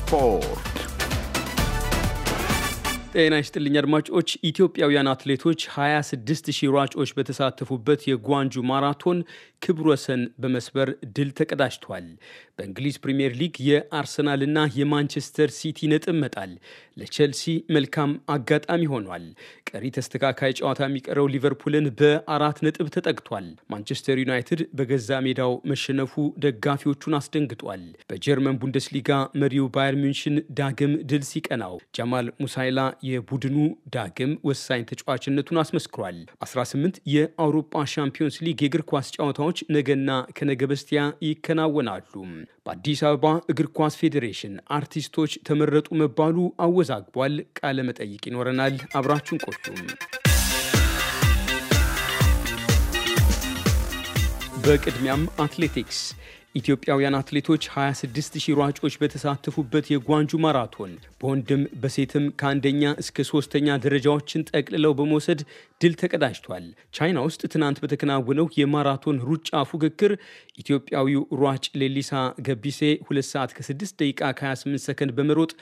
spor. ጤና ይስጥልኝ አድማጮች። ኢትዮጵያውያን አትሌቶች 26 ሺህ ሯጮች በተሳተፉበት የጓንጁ ማራቶን ክብረ ወሰን በመስበር ድል ተቀዳጅቷል። በእንግሊዝ ፕሪምየር ሊግ የአርሰናልና የማንቸስተር ሲቲ ነጥብ መጣል ለቼልሲ መልካም አጋጣሚ ሆኗል። ቀሪ ተስተካካይ ጨዋታ የሚቀረው ሊቨርፑልን በአራት ነጥብ ተጠግቷል። ማንቸስተር ዩናይትድ በገዛ ሜዳው መሸነፉ ደጋፊዎቹን አስደንግጧል። በጀርመን ቡንደስሊጋ መሪው ባየር ሚንሽን ዳግም ድል ሲቀናው ጃማል ሙሳይላ የቡድኑ ዳግም ወሳኝ ተጫዋችነቱን አስመስክሯል። 18 የአውሮፓ ሻምፒዮንስ ሊግ የእግር ኳስ ጨዋታዎች ነገና ከነገ በስቲያ ይከናወናሉ። በአዲስ አበባ እግር ኳስ ፌዴሬሽን አርቲስቶች ተመረጡ መባሉ አወዛግቧል። ቃለ መጠይቅ ይኖረናል። አብራችሁን ቆዩም። በቅድሚያም አትሌቲክስ ኢትዮጵያውያን አትሌቶች 26000 ሯጮች በተሳተፉበት የጓንጁ ማራቶን በወንድም በሴትም ከአንደኛ እስከ ሶስተኛ ደረጃዎችን ጠቅልለው በመውሰድ ድል ተቀዳጅቷል። ቻይና ውስጥ ትናንት በተከናወነው የማራቶን ሩጫ ፉክክር ኢትዮጵያዊው ሯጭ ሌሊሳ ገቢሴ 2 ሰዓት ከ6 ደቂቃ ከ28 ሰከንድ በመሮጥ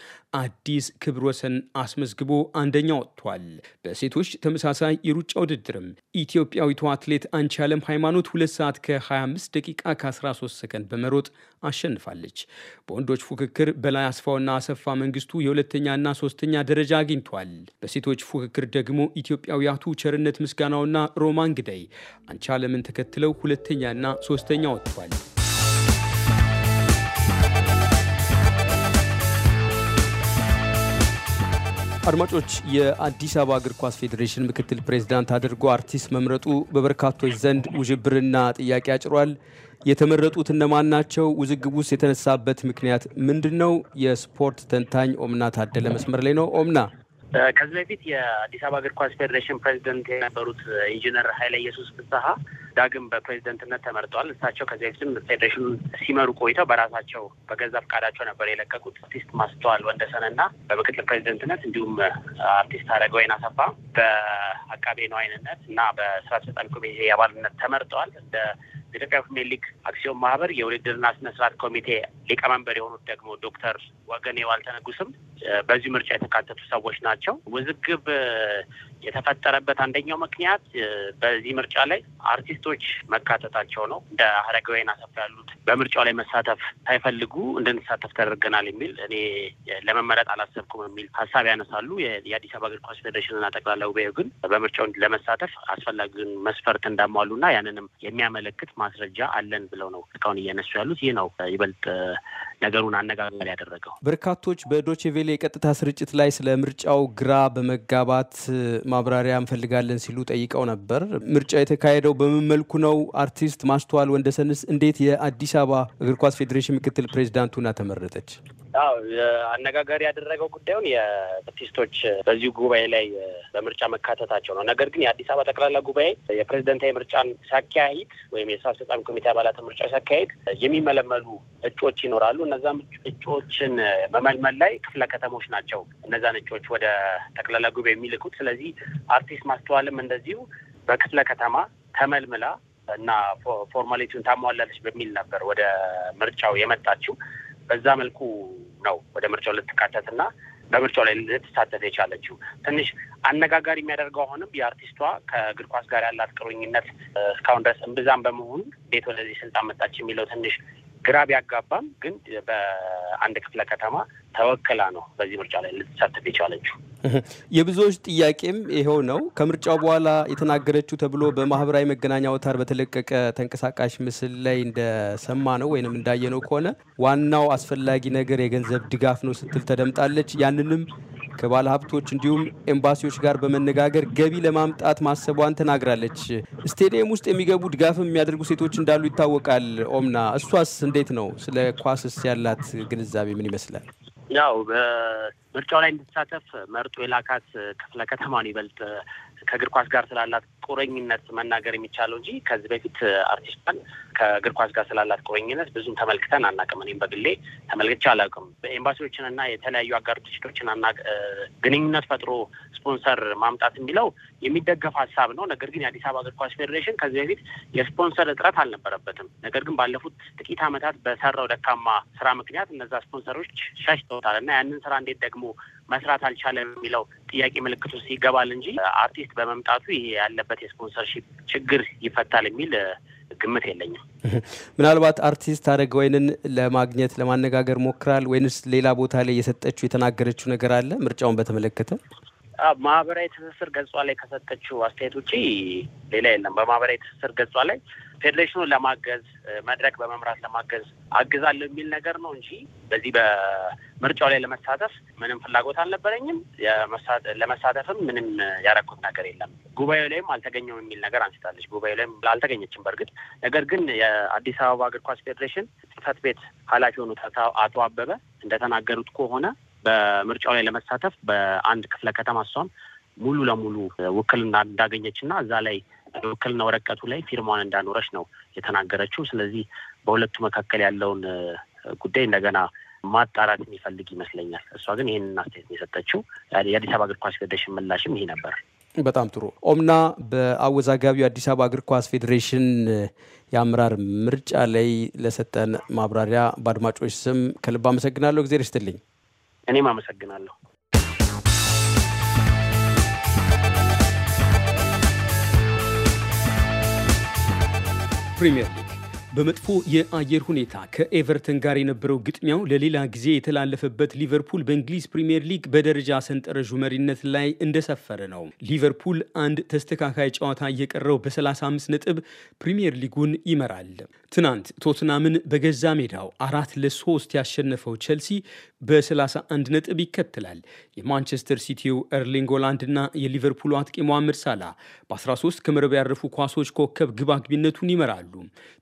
አዲስ ክብር ወሰን አስመዝግቦ አንደኛ ወጥቷል። በሴቶች ተመሳሳይ የሩጫ ውድድርም ኢትዮጵያዊቱ አትሌት አንቺ ዓለም ሃይማኖት 2 ሰዓት ከ25 ደቂቃ ከ13 ሰከንድ ቀን በመሮጥ አሸንፋለች። በወንዶች ፉክክር በላይ አስፋውና አሰፋ መንግስቱ የሁለተኛና ሶስተኛ ደረጃ አግኝቷል። በሴቶች ፉክክር ደግሞ ኢትዮጵያዊያቱ ቸርነት ምስጋናውና ሮማን ግዳይ አንቺ አለምን ተከትለው ሁለተኛና ሶስተኛ ወጥቷል። አድማጮች፣ የአዲስ አበባ እግር ኳስ ፌዴሬሽን ምክትል ፕሬዚዳንት አድርጎ አርቲስት መምረጡ በበርካቶች ዘንድ ውዥብርና ጥያቄ አጭሯል። የተመረጡት እነማን ናቸው? ውዝግቡ ውስጥ የተነሳበት ምክንያት ምንድን ነው? የስፖርት ተንታኝ ኦምና ታደለ መስመር ላይ ነው። ኦምና፣ ከዚህ በፊት የአዲስ አበባ እግር ኳስ ፌዴሬሽን ፕሬዚደንት የነበሩት ኢንጂነር ኃይለ ኢየሱስ ፍስሀ ዳግም በፕሬዚደንትነት ተመርጠዋል። እሳቸው ከዚህ በፊትም ፌዴሬሽኑ ሲመሩ ቆይተው በራሳቸው በገዛ ፈቃዳቸው ነበር የለቀቁት። አርቲስት ማስተዋል ወንደሰንና በምክትል ፕሬዚደንትነት እንዲሁም አርቲስት አረጋወይን አሰፋ በአቃቤ ነዋይንነት እና በስራ አስፈጻሚ ኮሚቴ አባልነት ተመርጠዋል። እንደ በኢትዮጵያ ፕሪሚየር ሊግ አክሲዮን ማህበር የውድድርና ስነስርዓት ኮሚቴ ሊቀመንበር የሆኑት ደግሞ ዶክተር ወገኔ ዋልተነጉስም በዚህ ምርጫ የተካተቱ ሰዎች ናቸው። ውዝግብ የተፈጠረበት አንደኛው ምክንያት በዚህ ምርጫ ላይ አርቲስቶች መካተታቸው ነው። እንደ ሀረጋዊን አሰፋ ያሉት በምርጫው ላይ መሳተፍ ሳይፈልጉ እንድንሳተፍ ተደርገናል የሚል እኔ ለመመረጥ አላሰብኩም የሚል ሀሳብ ያነሳሉ። የአዲስ አበባ እግር ኳስ ፌዴሬሽን ፌዴሬሽንና ጠቅላላ ጉባኤው ግን በምርጫው ለመሳተፍ አስፈላጊውን መስፈርት እንዳሟሉ እንዳሟሉና ያንንም የሚያመለክት ማስረጃ አለን ብለው ነው እስካሁን እያነሱ ያሉት። ይህ ነው ይበልጥ ነገሩን አነጋጋሪ ያደረገው። በርካቶች በዶቼቬሌ የቀጥታ ስርጭት ላይ ስለ ምርጫው ግራ በመጋባት ማብራሪያ እንፈልጋለን ሲሉ ጠይቀው ነበር። ምርጫ የተካሄደው በምን መልኩ ነው? አርቲስት ማስተዋል ወንደሰንስ እንዴት የአዲስ አበባ እግር ኳስ ፌዴሬሽን ምክትል ፕሬዚዳንቱና ተመረጠች? አነጋጋሪ ያደረገው ጉዳዩን የአርቲስቶች በዚሁ ጉባኤ ላይ በምርጫ መካተታቸው ነው። ነገር ግን የአዲስ አበባ ጠቅላላ ጉባኤ የፕሬዚደንታዊ ምርጫን ሲያካሂድ ወይም የስራ አስፈጻሚ ኮሚቴ አባላት ምርጫ ሲያካሂድ የሚመለመሉ እጩዎች ይኖራሉ። እነዛም እጩዎችን መመልመል ላይ ክፍለ ከተሞች ናቸው እነዛን እጩዎች ወደ ጠቅላላ ጉባኤ የሚልኩት። ስለዚህ አርቲስት ማስተዋልም እንደዚሁ በክፍለ ከተማ ተመልምላ እና ፎርማሊቲውን ታሟላለች በሚል ነበር ወደ ምርጫው የመጣችው። በዛ መልኩ ነው ወደ ምርጫው ልትካተትና በምርጫው ላይ ልትሳተፍ የቻለችው። ትንሽ አነጋጋሪ የሚያደርገው አሁንም የአርቲስቷ ከእግር ኳስ ጋር ያላት ቅሩኝነት እስካሁን ድረስ እምብዛም በመሆኑ እንዴት ወደዚህ ስልጣን መጣች የሚለው ትንሽ ግራ ቢያጋባም ግን በአንድ ክፍለ ከተማ ተወክላ ነው በዚህ ምርጫ ላይ ልትሳተፍ የቻለችው። የብዙዎች ጥያቄም ይኸው ነው። ከምርጫው በኋላ የተናገረችው ተብሎ በማህበራዊ መገናኛ አውታር በተለቀቀ ተንቀሳቃሽ ምስል ላይ እንደሰማ ነው ወይንም እንዳየነው ከሆነ ዋናው አስፈላጊ ነገር የገንዘብ ድጋፍ ነው ስትል ተደምጣለች። ያንንም ከባለ ሀብቶች እንዲሁም ኤምባሲዎች ጋር በመነጋገር ገቢ ለማምጣት ማሰቧን ተናግራለች። ስቴዲየም ውስጥ የሚገቡ ድጋፍ የሚያደርጉ ሴቶች እንዳሉ ይታወቃል። ኦምና እሷስ እንዴት ነው? ስለ ኳስስ ያላት ግንዛቤ ምን ይመስላል? ያው በምርጫው ላይ እንድትሳተፍ መርጦ የላካት ክፍለ ከተማ ነው ይበልጥ ከእግር ኳስ ጋር ስላላት ቁርኝነት መናገር የሚቻለው እንጂ ከዚህ በፊት አርቲስቷን ከእግር ኳስ ጋር ስላላት ቁርኝነት ብዙም ተመልክተን አናውቅም። እኔም በግሌ ተመልክቼ አላውቅም። ኤምባሲዎችን የተለያዩ አጋር ድርጅቶችን አና ግንኙነት ፈጥሮ ስፖንሰር ማምጣት የሚለው የሚደገፍ ሀሳብ ነው። ነገር ግን የአዲስ አበባ እግር ኳስ ፌዴሬሽን ከዚህ በፊት የስፖንሰር እጥረት አልነበረበትም። ነገር ግን ባለፉት ጥቂት ዓመታት በሰራው ደካማ ስራ ምክንያት እነዛ ስፖንሰሮች ሸሽተውታል እና ያንን ስራ እንዴት ደግሞ መስራት አልቻለም የሚለው ጥያቄ ምልክቱ ይገባል እንጂ አርቲስት በመምጣቱ ይሄ ያለበት የስፖንሰርሺፕ ችግር ይፈታል የሚል ግምት የለኝም። ምናልባት አርቲስት አረግ ወይንን ለማግኘት ለማነጋገር ሞክራል ወይንስ ሌላ ቦታ ላይ የሰጠችው የተናገረችው ነገር አለ? ምርጫውን በተመለከተ ማህበራዊ ትስስር ገጿ ላይ ከሰጠችው አስተያየት ውጪ ሌላ የለም። በማህበራዊ ትስስር ገጿ ላይ ፌዴሬሽኑን ለማገዝ መድረክ በመምራት ለማገዝ አግዛለሁ የሚል ነገር ነው እንጂ በዚህ በምርጫው ላይ ለመሳተፍ ምንም ፍላጎት አልነበረኝም። ለመሳተፍም ምንም ያረኩት ነገር የለም። ጉባኤው ላይም አልተገኘም የሚል ነገር አንስታለች። ጉባኤው ላይም አልተገኘችም። በእርግጥ ነገር ግን የአዲስ አበባ እግር ኳስ ፌዴሬሽን ጽሕፈት ቤት ኃላፊ የሆኑት አቶ አበበ እንደተናገሩት ከሆነ በምርጫው ላይ ለመሳተፍ በአንድ ክፍለ ከተማ እሷም ሙሉ ለሙሉ ውክልና እንዳገኘች እና እዛ ላይ ውክልና ወረቀቱ ላይ ፊርማዋን እንዳኖረች ነው የተናገረችው። ስለዚህ በሁለቱ መካከል ያለውን ጉዳይ እንደገና ማጣራት የሚፈልግ ይመስለኛል። እሷ ግን ይህንን አስተያየት የሰጠችው የአዲስ አበባ እግር ኳስ ፌዴሬሽን ምላሽም ይሄ ነበር። በጣም ጥሩ ኦምና፣ በአወዛጋቢው የአዲስ አበባ እግር ኳስ ፌዴሬሽን የአመራር ምርጫ ላይ ለሰጠን ማብራሪያ በአድማጮች ስም ከልብ አመሰግናለሁ። እግዜር ይስጥልኝ። እኔም አመሰግናለሁ። пример. በመጥፎ የአየር ሁኔታ ከኤቨርተን ጋር የነበረው ግጥሚያው ለሌላ ጊዜ የተላለፈበት ሊቨርፑል በእንግሊዝ ፕሪምየር ሊግ በደረጃ ሰንጠረዡ መሪነት ላይ እንደሰፈረ ነው። ሊቨርፑል አንድ ተስተካካይ ጨዋታ እየቀረው በ35 ነጥብ ፕሪምየር ሊጉን ይመራል። ትናንት ቶትናምን በገዛ ሜዳው አራት ለሶስት ያሸነፈው ቸልሲ በ31 ነጥብ ይከተላል። የማንቸስተር ሲቲው ኤርሊንግ ሆላንድ እና የሊቨርፑሉ አጥቂ መሐመድ ሳላ በ13 ከመረብ ያረፉ ኳሶች ኮከብ ግብ አግቢነቱን ይመራሉ።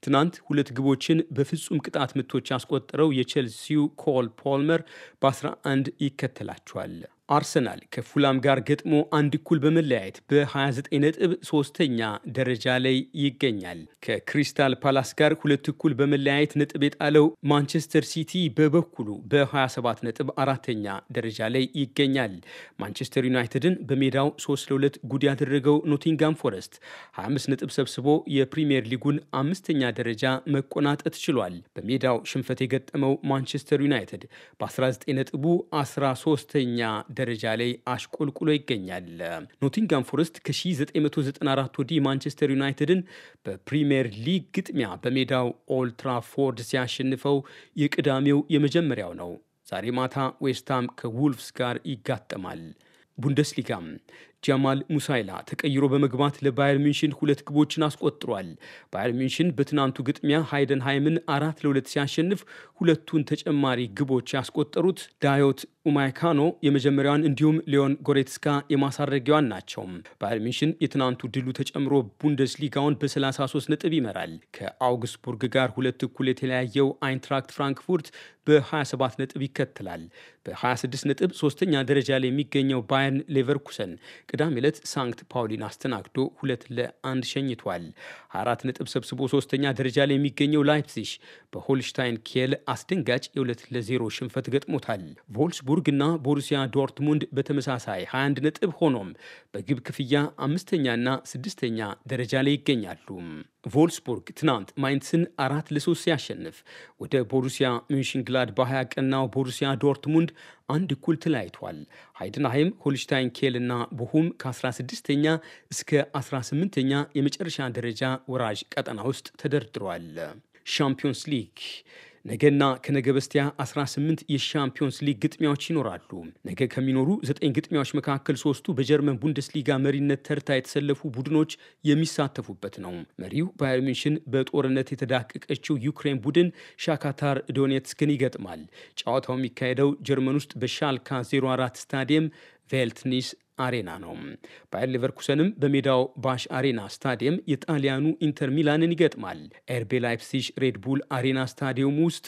ትናንት ሁለት ግቦችን በፍጹም ቅጣት ምቶች ያስቆጠረው የቼልሲው ኮል ፖልመር በ11 ይከተላቸዋል። አርሰናል ከፉላም ጋር ገጥሞ አንድ እኩል በመለያየት በ29 ነጥብ ሶስተኛ ደረጃ ላይ ይገኛል። ከክሪስታል ፓላስ ጋር ሁለት እኩል በመለያየት ነጥብ የጣለው ማንቸስተር ሲቲ በበኩሉ በ27 ነጥብ አራተኛ ደረጃ ላይ ይገኛል። ማንቸስተር ዩናይትድን በሜዳው 3 ለ2 ጉድ ያደረገው ኖቲንጋም ፎረስት 25 ነጥብ ሰብስቦ የፕሪምየር ሊጉን አምስተኛ ደረጃ መቆናጠት ችሏል። በሜዳው ሽንፈት የገጠመው ማንቸስተር ዩናይትድ በ19 ነጥቡ 13ኛ ደረጃ ላይ አሽቆልቁሎ ይገኛል። ኖቲንጋም ፎረስት ከ1994 ወዲህ ማንቸስተር ዩናይትድን በፕሪምየር ሊግ ግጥሚያ በሜዳው ኦልትራፎርድ ሲያሸንፈው የቅዳሜው የመጀመሪያው ነው። ዛሬ ማታ ዌስትሃም ከውልፍስ ጋር ይጋጠማል። ቡንደስሊጋም ጃማል ሙሳይላ ተቀይሮ በመግባት ለባየር ሚንሽን ሁለት ግቦችን አስቆጥሯል። ባየር ሚንሽን በትናንቱ ግጥሚያ ሃይደን ሃይምን አራት ለሁለት ሲያሸንፍ ሁለቱን ተጨማሪ ግቦች ያስቆጠሩት ዳዮት ኡማይካኖ የመጀመሪያዋን እንዲሁም ሊዮን ጎሬትስካ የማሳረጊያዋን ናቸው። ባየር ሚንሽን የትናንቱ ድሉ ተጨምሮ ቡንደስሊጋውን በ33 ነጥብ ይመራል። ከአውግስቡርግ ጋር ሁለት እኩል የተለያየው አይንትራክት ፍራንክፉርት በ27 ነጥብ ይከተላል። በ26 ነጥብ ሶስተኛ ደረጃ ላይ የሚገኘው ባየርን ሌቨርኩሰን ቅዳሜ ዕለት ሳንክት ፓውሊን አስተናግዶ ሁለት ለአንድ ሸኝቷል። አራት ነጥብ ሰብስቦ ሶስተኛ ደረጃ ላይ የሚገኘው ላይፕሲሽ በሆልሽታይን ኬል አስደንጋጭ የሁለት ለዜሮ ሽንፈት ገጥሞታል። ቮልስቡርግ እና ቦሩሲያ ዶርትሙንድ በተመሳሳይ 21 ነጥብ ሆኖም በግብ ክፍያ አምስተኛና ስድስተኛ ደረጃ ላይ ይገኛሉ። ቮልስቡርግ ትናንት ማይንስን አራት ለሶስት ሲያሸንፍ ወደ ቦሩሲያ ባህያ ቀናው ቦሩሲያ ዶርትሙንድ አንድ እኩል ተለያይቷል። ሃይድንሃይም፣ ሆልሽታይን ኬል እና ቦሁም ከ16ኛ እስከ 18ኛ የመጨረሻ ደረጃ ወራጅ ቀጠና ውስጥ ተደርድሯል። ሻምፒዮንስ ሊግ ነገና ከነገ በስቲያ 18 የሻምፒዮንስ ሊግ ግጥሚያዎች ይኖራሉ። ነገ ከሚኖሩ ዘጠኝ ግጥሚያዎች መካከል ሶስቱ በጀርመን ቡንደስሊጋ መሪነት ተርታ የተሰለፉ ቡድኖች የሚሳተፉበት ነው። መሪው ባየር ሚንሽን በጦርነት የተዳቀቀችው ዩክሬን ቡድን ሻካታር ዶኔትስክን ይገጥማል። ጨዋታው የሚካሄደው ጀርመን ውስጥ በሻልካ 04 ስታዲየም ቬልትኒስ አሬና ነው። ባየር ሌቨርኩሰንም በሜዳው ባሽ አሬና ስታዲየም የጣሊያኑ ኢንተር ሚላንን ይገጥማል። ኤርቤ ላይፕሲሽ ሬድቡል አሬና ስታዲየም ውስጥ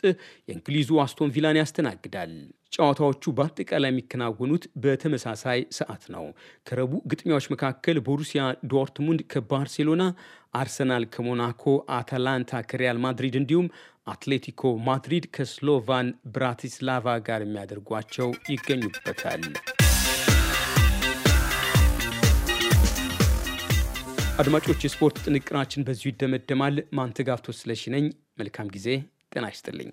የእንግሊዙ አስቶን ቪላን ያስተናግዳል። ጨዋታዎቹ በአጠቃላይ የሚከናወኑት በተመሳሳይ ሰዓት ነው። ከረቡዕ ግጥሚያዎች መካከል ቦሩሲያ ዶርትሙንድ ከባርሴሎና፣ አርሰናል ከሞናኮ፣ አታላንታ ከሪያል ማድሪድ እንዲሁም አትሌቲኮ ማድሪድ ከስሎቫን ብራቲስላቫ ጋር የሚያደርጓቸው ይገኙበታል። አድማጮች፣ የስፖርት ጥንቅናችን በዚሁ ይደመደማል። ማንተጋፍቶ ስለሽነኝ መልካም ጊዜ። ጤና ይስጥልኝ።